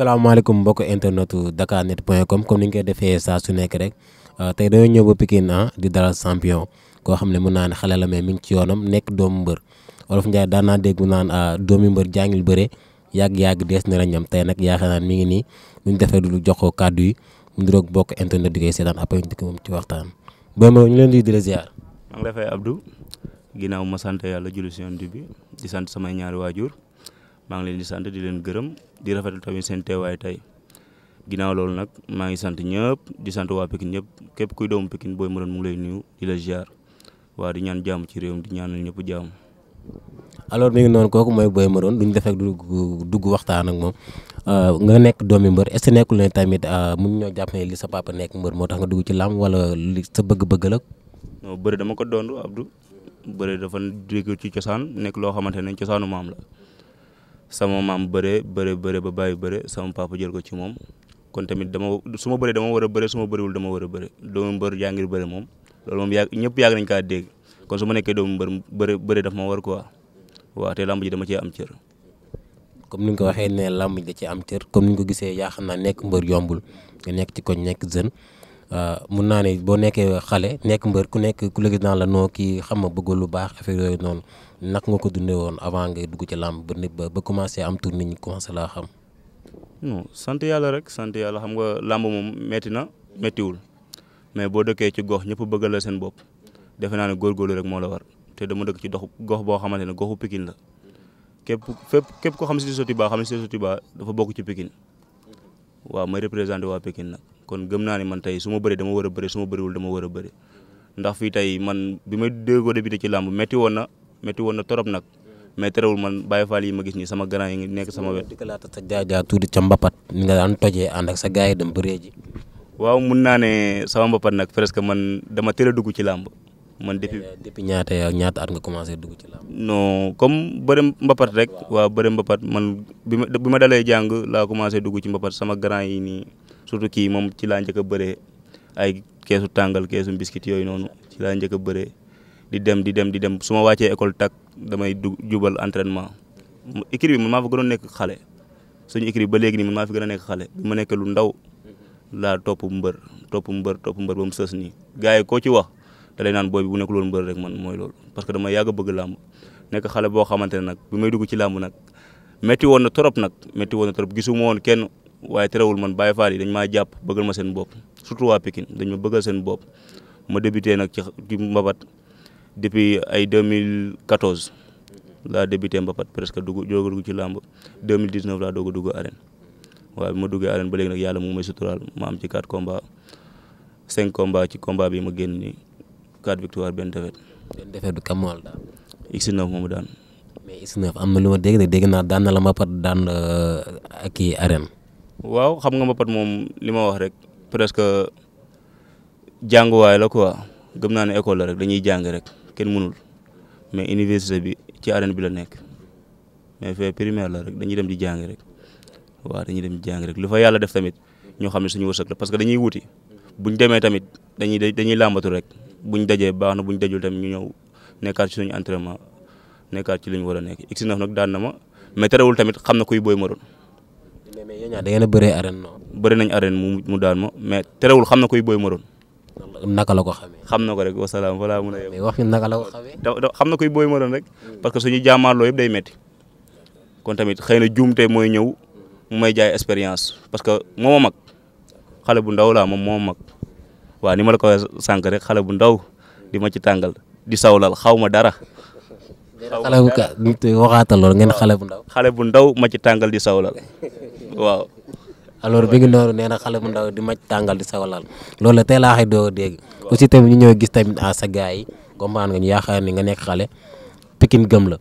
salaamaaleykum mbokk internet dakar net point comme comme ni ñu koy defee saa su nekk rek euh, te dañoo ñëw ba Pikine ah di dalal champion koo xam ne mun naa ne xale la mais mi ngi ci yoonam nekk doomu mbër Wolof Njaay daan naa dégg mu naan ah, doomi mbër jàngil bëre yàgg-yàgg dees na la ñam tey nag yaakaar naan mi ngi nii luñ defee du jox ko kàddu yi mu ngi doog bokk internet di koy seetaan après ko moom ci waxtaan booy ma ñu leen di di la ziar. maa ngi ginnaaw ma sant yàlla julli si bi di sant samay ñaari waajur. maa ngi leen di sant di leen gërëm di rafetlu tamit seen teewaay tey ginnaaw loolu nag maa ngi sant ñëpp di sant waa Pikine ñëpp képp kuy doomu Pikine booy mënoon mu ngi lay nuyu di la ñaan jàmm ci réew di ñaanal ñëpp jàmm. alors noonu kooku mooy Boy Maroon duñ def ak dugg waxtaan ak moom euh, nga nekk doomi mbër est-ce que nekkul ne tamit euh, mun ñoo jàpp ne li sa papa nekk mbër moo tax nga dugg ci làmb wala li sa bëgg-bëgg la. non dama ko doon Abdou bëri dafa dégg ci cosaan nekk loo xamante ne cosaanu maam la sama maam bëre bëre bëre ba bàyyi bëre sama papa jël ko ci moom kon tamit dama su ma bëree dama war a bëre su ma bëriwul dama war a bëre doomu mbër yaa ngir bëre moom loolu moom yàgg ñëpp yàgg nañ kaa dégg kon su ma nekkee doomu mbër bëre bëre daf ma war quoi waaw te làmb ji dama cee am cër. comme ni nga ko waxee ne làmb da cee am cër comme ni nga ko gisee yaa xam naa nekk mbër yombul nga nekk ci koñ nekk jeune. Euh, mun naa ne boo nekkee xale nekk mbër ku nekk ku la gis la noo kii xam ma bëggul lu baax affaire yooyu noonu nak nga ko dundee woon avant ngay dugg ci làmb ba nit ba ba commencé am tour nit ñi commencé laa xam. sant yàlla rek sant yàlla xam nga làmb moom metti na méttiwul mais boo dëkkee ci gox ñëpp bëggal la seen bopp defe naa ne góorgóorlu rek moo la war te dama dëkk ci dox gox boo xamante ne goxu Pikine la képp fépp képp ko xam si Sotiba xam si baa dafa bokk ci Pikine waaw may représenté waa Pikine kon gëm naa ne man tey su ma bëree dama war a bëri su ma bëriwul dama war a bëri ndax fii tey man bi may déggoo débuté ci làmb métti na métti na torop nag mais terewul man Baye Fall yi ma gis nii sama grand yi ngi nekk sama wet. di ko laata sa jaajaa tuuti ca Mbapat ni nga ak sa gars yi dem bëree ji. waaw mun naa ne sama Mbapat nag presque man dama teel a dugg ci làmb. man depuis eh, depuis ñaata ñaata at nga commencé dugg ci làmb. non comme bëri Mbapat rek. waaw bëri Mbapat man bi ma bi ma dalee jàng laa commencé dugg ci Mbapat sama grand yi nii. surtout kii moom ci laa njëkk a bëree ay keesu tàngal keesu biscuit yooyu noonu ci laa njëkk a bëree di dem di dem di dem su ma wàccee école tak damay du jubal entrainement écrit bi man maa fa gën a nekk xale suñu écrit ba léegi nii man gën a nekk xale bi ma nekk lu ndaw laa topp mbër topp mbër topp mbër ba mu sës nii gars yi koo ci wax da naan booy bi bu nekkul woon mbër rek man mooy loolu parce que dama yàgg a bëgg làmb nekk xale boo xamante ne nag bi may dugg ci làmb nag métti woon trop nag métti woon trop gisuma kenn waaye terewul man Baye Fall yi dañ maa jàpp bëggal ma seen bopp surtout waa Pikine dañ ma bëggal seen bopp ma débuté nag ci ci mbapat depuis ay 2014 laa débuté mbapat presque dugg doog a dugg ci làmb 2019 laa doog a dugg arène waaw bi ma duggee arène ba léegi nag yàlla moom may suturaal ma am ci 4 combats 5 combats ci combat bi ma génn nii 4 victoire benn défaite. benn défaite du kam daal. X9 moomu daan. mais X9 am na lu ma dégg naa daan na la mbapat daan euh, kii arène. waaw xam nga ma mbapat moom li ma wax rek presque jànguwaay la quoi gëm naa ne école la rek dañuy jàng rek kenn mënul mais université bi ci arène bi la nekk mais fee primaire la rek dañuy dem di jàng rek waaw dañuy dem jàng rek lu fa yàlla def tamit ñoo xam ne suñu wërsëg la parce que dañuy wuti buñ demee tamit dañuy dañuy làmbatu rek ñu dajee baax na bu buñ dajul tamit ñu ñëw nekkaat ci suñu entraînement nekkaat ci li ñu war a nekk x9 nag daan na ma mais terewul tamit xam na kuy booy ma doon mais yéen ñaar da ngeen a bëree arène non. bëri nañ arène mu mu daan ma mais terewul xam na koy booy ma doon. naka la ko xamee. xam na ko rek wasalaam voilà mun a yem. mais wax naka la ko xamee. na koy booy ma doon rek. parce que suñu jàmmaarloo yëpp day metti kon tamit xëy na juumte mooy ñëw mu may jaay expérience parce que moo ma mag xale bu ndaw laa moom moo mag waaw ni ma la ko sànq rek xale bu ndaw di ma ci tàngal di sawlal xaw ma dara. xale bu waxaatal lool ngeen xale bu ndaw. xale bu ndaw ma ci tàngal di sawlal waaw. alors bi ngi noonu nee na xale bu ndaw di maj tàngal di sawalal loolu la te a xay doo dégg aussi tamit ñu ñëw gis tamit à ah, sa gars yi comprendre nga ñu yaakaar ni nga nekk xale pikin gëm la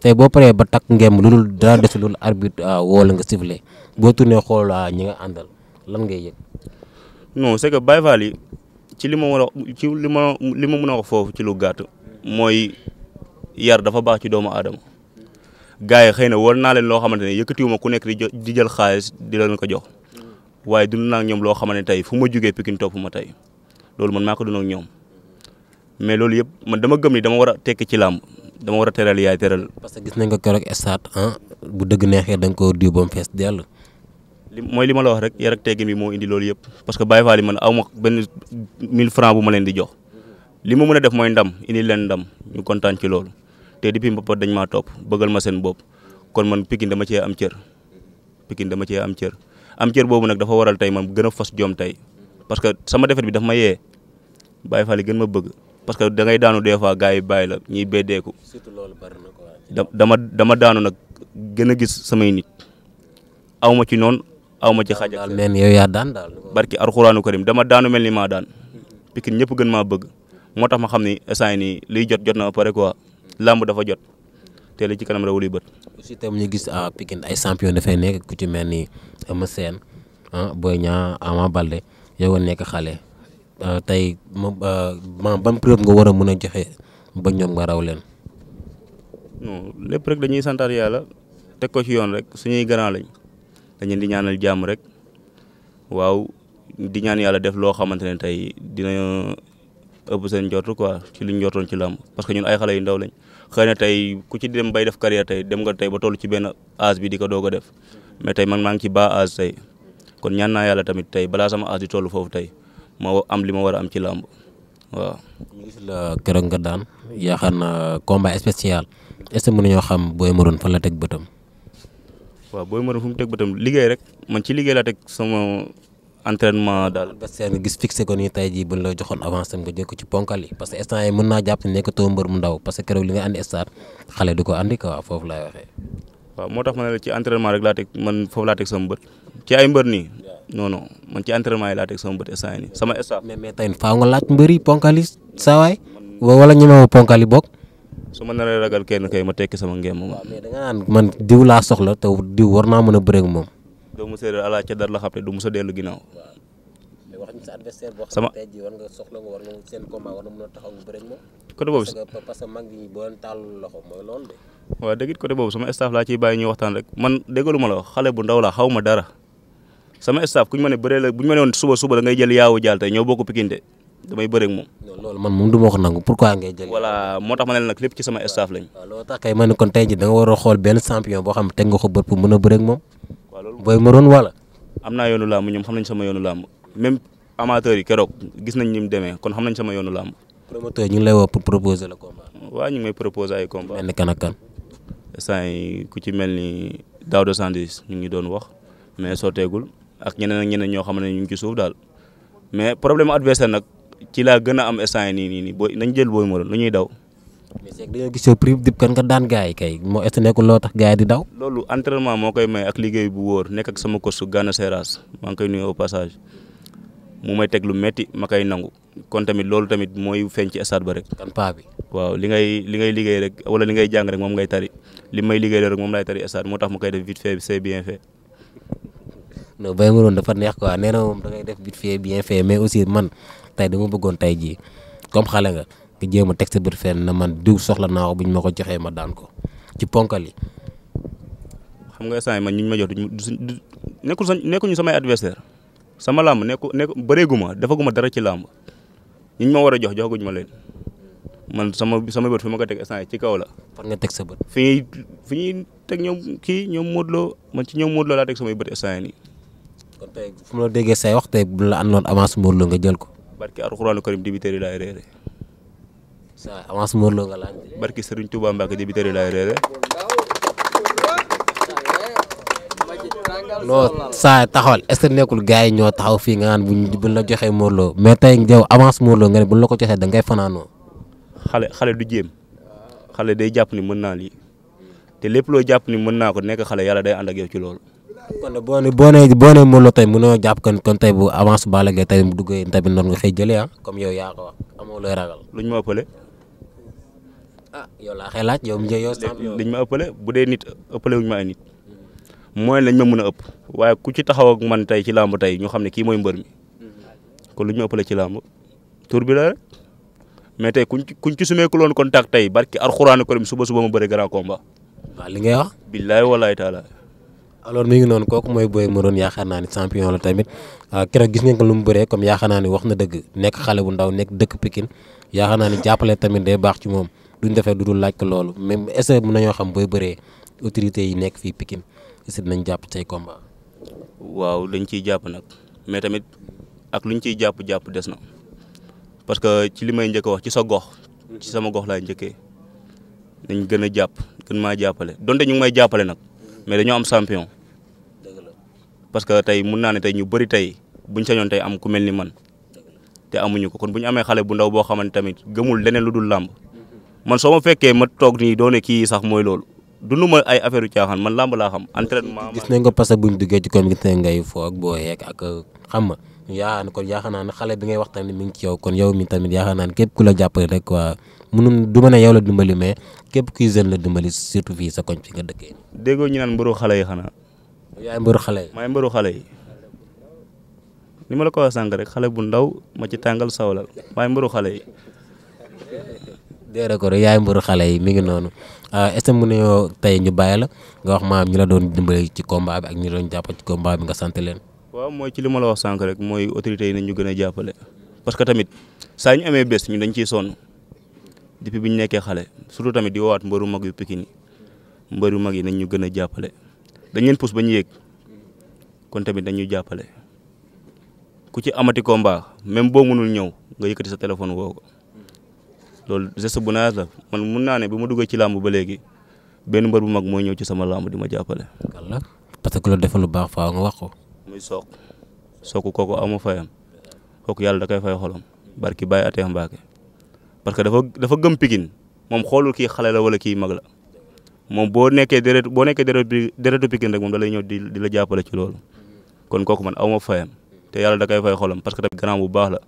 tey boo paree ba takk ngem lu dul dara des lu dul arbitre ah, woo la nga sifflé boo tourné xool ah, ñi nga àndal lan ngay yëg. non c'est que Baye yi ci li ma war a ci li ma li ma mën a wax foofu ci lu gàtt mooy yar dafa baax ci doomu aadama. gars yi xëy na war naa leen loo xamante ne yëkkatiwuma ku nekk di jël xaalis di leen ko jox waaye dund naa ak ñoom loo xamante ne tey fu ma jugee Pikine topp ma tey loolu man maa ko dund ak mais loolu yëpp man dama gëm ni dama war a tekki ci làmb dama war a teral yaay teral. parce que gis nañ ko keroog stade ah, bu dëgg neexee da nga koo diw ba fees dell. li mooy li ma la wax rek yar ak bi moo indi loolu yëpp parce que Baye Fall yi man aw ma benn 1000 francs bu ma leen di jox li ma mën a def mooy ndam indi leen ndam ñu kontaan ci loolu. te depuis mbapat dañ maa topp bëggal ma seen bopp kon man Pikine dama cee am cër pikin dama cee am cër am cër boobu nag dafa waral tey man gën a fas joom tey parce que sama defet bi daf ma yee Baye Fall yi gën ma bëgg parce que da ngay daanu des fois gars yi bàyyi la ñuy beddeeku da dama dama daanu nag gën a gis samay nit aw ma ci noon aw ma ci xaj ak yow yaa daan daal barki alxuraanu karim dama daanu mel ni maa daan Pikine ñëpp gën maa bëgg moo tax ma xam ni instant nii liy jot jot na ba làmb dafa jot te li ci kanam rawul yi bët. aussi tam ñu gis à ah, Pikine ay champion dafay nekk ku ci mel ni ah, Eumeu Sène ah Boy Niang Ama Baldé yow nekk xale ah, tey ma ban preuve nga war a mën a joxe ba ñoom nga raw leen. non lépp rek dañuy santaat yàlla teg ko ci yoon rek suñuy grand lañ dañu di ñaanal jàmm rek waaw di ñaan yàlla def loo xamante ne tey dina ëpp seen njort quoi ci liñ njortoon ci làmb parce que ñun ay xale yu ndaw lañ xëy na tey ku ci dem bay def carrière tey dem nga tey ba toll ci benn âge bi di ko doog a def mais tey maa ngi ci bas âge tey kon ñaan naa yàlla tamit tey balaa sama âge di toll foofu tey ma am li ma war a am ci làmb waaw. ñu gis la keroog nga daan yaakaar naa combat spécial est-ce que mën nañoo xam Boy Maroon fan la teg bëtam. waaw Boy Maroon fu mu teg bëtam liggéey rek man ci liggéey la teg sama. entraînement daal. adversaire nga gis fixé ko nii tey jii buñ la joxoon avance tam nga jëkk ci ponkal yi parce que instant yi mën naa jàpp ne nekkatoo mbër mu ndaw parce que keroog li moo tax ma ne la ci entraînement rek laa teg man foofu ci ay mbër nii. non non man ci entraînement yi laa teg sama bët instant yi sama staff. mais mais tey faaw nga laaj mbër yi ponkal yi saa waay wala ñemewu ponkal yi su ma naree ragal kenn kay ma tekki sama ngéem moom. waaw mais da naan man diw laa soxla te diw war naa mën a bëreek moom doomu séeréer ala ca dar la xam ne du mos xam ne tey jii war nga soxla nga war nga seen a taxaw nga bëre ak moom. boobu parce que mag ñi boo leen tàllul loxo mooy loolu de. waaw dëgg sama staff laa ciy bàyyi ñuy waxtaan rek man déggalu la wax xale bu ndaw laa xaw ma dara sama staff ku ñu ma ne bëree la bu ñu ma ne woon suba suba da ngay jël yaawu jaal tey ñëw bokk Pikine de damay bëre moom. loolu man moom du ma ko nangu pourquoi ngay jël. voilà moo tax ma ne la nag lépp ci sama staff lañ. loolu tax kay ma ne kon tey jii danga nga war a xool benn champion boo xam ne teg nga ko pour mën a bëre ak moom booy moroon wala. am naa yoonu làmb ñoom xam nañ sama yoonu làmb même amateur yi keroog gis nañ ni mu demee kon xam nañ sama yoonu làmb. promoteur ñu ngi lay woo pour proposer le combat. waaw ñu ngi may proposer ay combat mel ni kan yi ku ci mel ni Daouda Sandwich ñu ngi doon wax mais sotteegul ak ñeneen ak ñeneen ñoo xam ne ñu ngi ci suuf daal mais problème adversaire nag ci laa gën a am instant nii nii nii booy nañ jël booy moroon lu ñuy daw. ma c'est dañoo gis yow prix dib kan nga daan gars yi kay moo est nekkul loo tax gars di daw. loolu entraînement moo koy may ak liggéey bu wóor nekk ak sama coach Gana Seras maa ngi koy nuyu au passage mu may teg lu ma koy nangu kon tamit loolu tamit mooy feeñ ci stade ba rek. kan paa bi. waaw li ngay li ngay liggéey rek wala li ngay jàng rek moom ngay tari li may liggéey rek moom laay tari moo tax ma koy def vite fait c'est bien fait. non Baye dafa neex quoi nee na moom dangay def vite fait bien fait mais aussi man tey dama bëggoon tey jii comme xale nga. nekk jéem a teg sa bët fenn na man diw soxla naa ko bu ñu ma ko joxee ma daan ko ci ponkal yi. xam nga saa yi man ñu ma jox du nekkul sa nekkuñu samay adversaire sama làmb nekku nekk bëreeguma defaguma dara ci làmb ñu ma war a jox joxaguñ ma leen man sama sama bët fi ma ko teg instant ci kaw la. fan nga teg sa bët. fi ñuy ñuy teg ñoom kii ñoom Modou Lo man ci ñoom Modou Lo laa teg samay bët instant nii. kon tey fu ma la déggee say wax bu la àndoon avance Modou Lo nga jël ko. barki ça avance Mor Lo nga laaj. barki Serigne Touba Mbacke débiteur yi laay réeré. non saa taxawal est nekkul gars yi ñoo taxaw fii nga naan bu buñ la joxee Mor Lo mais tey yow avance Mor nga ne la ko joxee da ngay fanaanoo. xale xale du jéem xale day jàpp ni mën naa lii te lépp loo jàpp ni mën naa ko nekk xale yàlla day ànd ak yow ci loolu. kon boo nee boo boo nee tey mënoo jàpp kon kon tey bu avance Balla tey mu duggee tamit noonu nga fay jëlee ah yow yaa wax amoo looy ragal. luñ ma ëppale. ah yow laa xay laaj yow mi yow dañ ma ëppale bu dee nit ëppale wuñu ma ay nit mooy lañ ma mën a ëpp waaye ku ci taxaw man tey ci làmb tey ñoo xam ne kii mooy mbër mi kon lu ñu ma ëppale ci làmb tur bi la rek mais tey kuñ ci kuñ ci sumee ku loon contact tey barki alxuraan ko dem suba suba ma bëri grand combat. waaw li ngay wax. billaay walaay taala. alors mi ngi noonu kooku mooy booy mu doon yaakaar naa ni champion la tamit ah, keroog gis ngeen ko lu mu bëree comme yaakaar naa ni wax na dëgg nekk xale bu ndaw nekk dëkk Pikine yaakaar naa ni jàppale tamit day baax ci moom. duñ defee lu dul laaj ko loolu même est-ce que mën nañoo xam booy bëree autorité yi nekk fii Pikine est nañ jàpp tey komba waaw dañ ciy jàpp nag mais tamit ak luñ ciy jàpp jàpp des na parce que ci li may njëkk wax ci sa gox. ci sama gox laay njëkkee dañ gën a jàpp gën maa jàppale donte ñu ngi may jàppale nag mais dañoo am champion. parce que tey mun naa ne tey ñu bëri tey buñ sañoon tey am ku mel ni man te amuñu ko kon bu ñu amee xale bu ndaw boo xamante tamit gëmul leneen lu dul làmb. man soo ma fekkee ma toog nii doone kii sax mooy loolu dund ma ay affaire yu caaxaan man làmb laa xam entraînement. gis nañ ko que buñ duggee ci koom gis nañ ngay foo xam nga yaa kon yaakaar naa ne xale bi ngay wax tamit mi ngi ci yow kon yow mi tamit yaakaar naa ne képp ku la jàppale rek ko munum du ne yow la dimbali mais képp kuy jeune la dimbali surtout fii sa koñ fi nga dëkkee. déggoo ñu naan mbëru xale yi xanaa. yaay mbëru xale yi. ni ma la ko wax sànq rek xale bu ndaw ma ci tàngal sawlal maay mbëru xale yi. déere ko yaay mburu xale yi mi ngi noonu euh, est-ce que mën nañoo tey ñu bàyyi la nga wax maam ñu la doon dimbale ci combat ak ñu doon jàpp ci combat bi nga sant leen. waaw mooy ci li la wax sànq rek mooy autorités yi nañ ñu gën a jàppale parce que tamit saa ñu amee bés ñu dañ ciy sonn depuis bi ñu nekkee xale surtout tamit di woowaat mbëru mag yu Pikine yi mbëru mag yi nañ ñu gën a jàppale dañ leen ba ñu yéeg kon tamit dañ ñu jàppale ku ci amati combat même boo mënul ñëw nga yëkkati sa téléphone woo loolu geste bu naaj la man mu naa ne bi ma duggee ci làmb ba léegi benn mbër bu mag mooy ñëw ci sama làmb di ma jàppale. parce que loolu defal lu baax faa nga wax ko. muy soog soog kooku amu fayam kooku yàlla da fay xolam barki bàyyi atee mbaake parce que dafa dafa gëm pikin moom xoolul kii xale la wala kii mag la moom boo nekkee déret boo nekkee déret bi déretu pikin rek lay ñëw di di la jàppale ci loolu kon kooku man aw ma fayam te yàlla da koy fay xolam parce que tamit grand bu baax la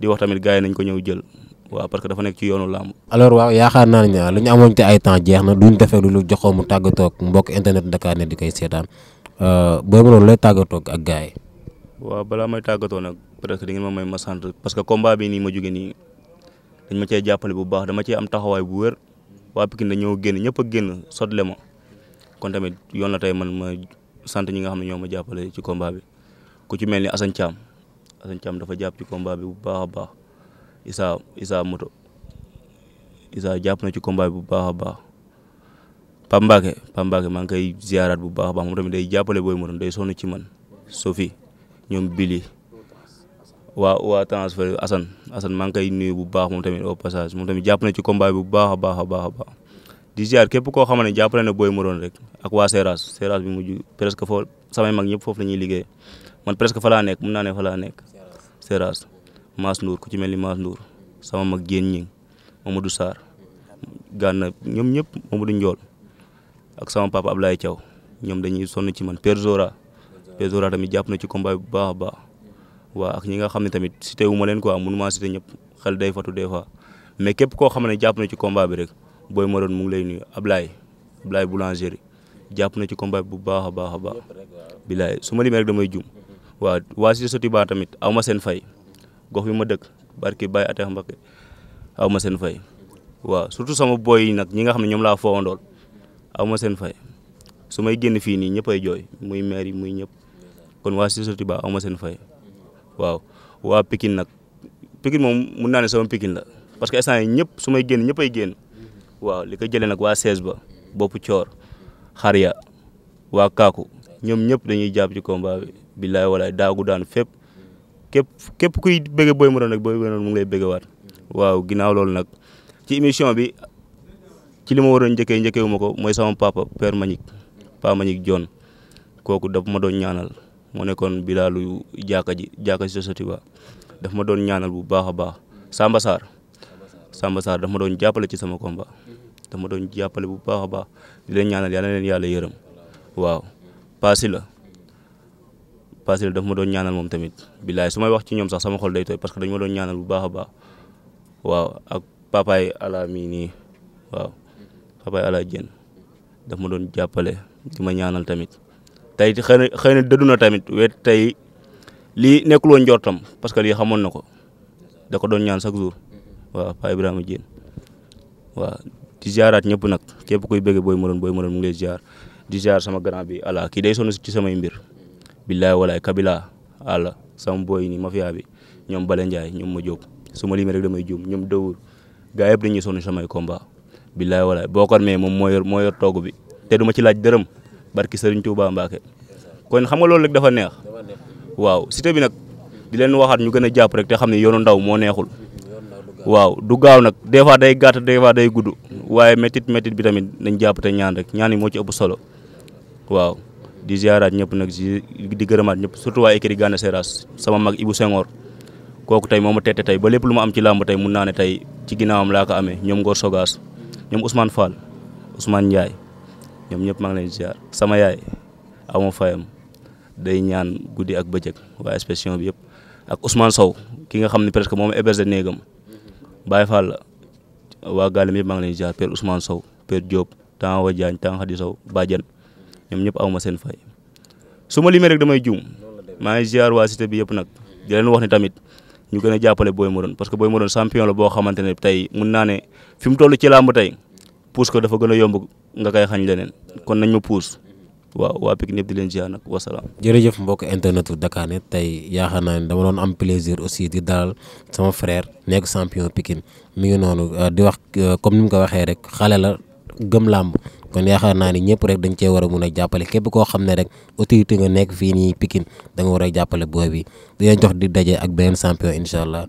di wax tamit gars nañ ko ñëw jël waaw parce que dafa nekk ci yoonu làmb alors waaw yaakaar naa ne li ñu amoon te ay temps jeex na duñ defee lu joxoo mu tàggatoog mbokk internet Dakar ne di koy seetaan euh, booy mënoon lay tàggatoog ak gars yi. waaw balaa may tàggatoo nag peut-être di ngeen ma ma sant parce que combat bi nii ma jógee dañ ma cee jàppale bu baax dama cee am taxawaay bu wér waa Pikine dañoo génn ñëpp a génn sotle ma kon tamit yoon la tey man ma sant ñi nga xam ne ñoom ma jàppale ci combat bi ku ci mel ni Assane Thiam Assane Thiam dafa jàpp ci combat bi bu baax a baax Issa Issa moto Issa jàpp na ci combat bu baax a baax Pape Mbacke Pape Mbacke maa koy ziaraat bu baax a baax moom tamit day jàppale booy moto day sonn ci man Sophie ñoom bili waa waa transfert Assane Assane maa ngi koy nuyu bu baax moom tamit au passage moom tamit jàpp na ci combat bu baax a baax a baax a baax di ziar képp koo xam ne jàppale na booy moto rek ak waa Seras Seras bi mujj presque foo samay mag ñëpp foofu la ñuy liggéey man presque falaa nekk mun naa ne fa laa nekk Seras. Mass Ndour ku ci mel ni Mass Ndour sama mag Dieng ñing Mamadou Sarr gànna ñoom ñëpp Mamadou Njool ak sama papa Ablaye Thiaw ñoom dañuy sonn ci man Père Zora Père Zora tamit jàpp na ci combat bu baax a baax waaw ak ñi nga xam ne tamit cité wu leen quoi mënu maa ñëpp xel day fatu des fois mais képp koo xam ne jàpp na ci combat bi rek booy ma doon mu ngi lay nuyu Ablaye Ablaye Boulangerie jàpp na ci combat bu baax a baax a baax bilaay su ma limee rek damay jum waaw waa Cité Sotiba tamit aw ma seen fay. gox bi ma dëkk barki Baye Atex Mbacké aw ma seen fay waaw surtout sama boy yi nag ñi nga xam ne ñoom laa foowandool aw ma seen fay su may génn fii nii ñëpp ay jooy muy maire yi muy ñëpp kon waa Cité Sotiba aw ma seen fay waaw waa Pikine nag Pikine moom mun naa ne sama Pikine la parce que instant ñëpp su may génn ñëpp ay génn waaw li ko jëlee nag waa sees ba boppu coor xar ya waa kaaku ñoom ñëpp dañuy jàpp ci combat bi billaay walaay daagu daan képp képp kuy bëgg Boy Maroon nag Boy Maroon mu ngi lay bëggewaat waaw ginnaaw loolu nag ci émission bi ci li ma waroon njëkkee njëkkee wu ma ko mooy sama papa père Manick papa Manick kooku daf ma doon ñaanal moo nekkoon bilaalu jàkka ji jàkka si sosoti ba ma doon ñaanal bu baax a baax Samba saar Samba Sarr daf ma doon jàppale ci sama combat daf ma doon jàppale bu baax a baax di leen ñaanal yàlla na leen yàlla yërëm waaw paasi la Basile daf ma doon ñaanal moom tamit billaay su may wax ci ñoom sax sama xol day tooy parce que dañ ma doon ñaanal bu baax a baax waaw ak papaay ala nii waaw papaay ala jën daf ma doon jàppale di ma ñaanal tamit tey xëy na xëy na dëddu na tamit wet tey lii nekkul woon njortam parce que lii xamoon na ko da doon ñaan chaque jour waaw Pa Ibrahima Diène waaw di ziaraat ñëpp nag képp kuy bëgg booy moroon booy moroon mu ngi lay ziar di ziar sama grand bi ala kii day sonn ci samay mbir billaay walaay kabila àlla sama boy ni mafia bi ñoom Bale Ndiaye ñoom ma jóg su ma limee rek damay juum ñoom dawul gaa yëpp dañuy sonn samay combat billaay walaay bookar mee moom moo yor moo yor togg bi te du ma ci laaj dërëm barki Serigne Touba Mbacke kon xam nga loolu rek dafa neex waaw cité bi nag di leen waxaat ñu gën a jàpp rek te xam ne yoonu ndaw moo neexul waaw du gaaw nag des fois day gàtt des fois day gudd waaye métit métit bi tamit nañ jàpp te ñaan rek ñaan moo ci ëpp solo di ziaraat ñëpp nag di gërëmaat ñëpp surtout waa écurie Gana Seras sama mag Ibou Senghor kooku tey moom ma tette tey ba lépp lu ma am ci làmb tey mun naa ne tey ci ginnaawam laa ko amee ñoom Ngor Sogas ñoom Ousmane Fall Ousmane Ndiaye ñoom ñëpp maa ngi leen ziar sama yaay awma fayam day ñaan guddi ak bëccëg waa inspection bi yëpp ak Ousmane Sow ki nga xam ne presque moom héberge néegam Baye Fall waa Galem yëpp maa ngi leen ziar Père Ousmane Sow Père Diop Tanwa Diagne Tanwa Khady Sow Badiane ñoom ñëpp awma seen fay su ma limee rek damay juum maa ngi waa cité bi yëpp nag di leen wax ne tamit ñu gën a jàppale Boy Maroon parce que booy Maroon champion la boo xamante ne tey mun naa ne fi mu toll ci làmb tey puus ko dafa gën a yomb nga koy xañ leneen kon nañ ma puus waaw waa Pikine ñëpp di leen ziar nag wasalaam. jërëjëf mbokk internet Dakarnet tey yaakaar naa ne dama doon am plaisir aussi di dalal sama frère nekk champion Pikine mi ngi noonu di wax comme ni mu ko waxee rek xale la gëm làmb. kon yaakaar naa ni ñëpp rek dañ cee war a mun a jàppale képp koo xam ne rek autorité nga nekk fii nii Pikine da war a jàppale booy bi di leen jox di daje ak beneen champion incha allah.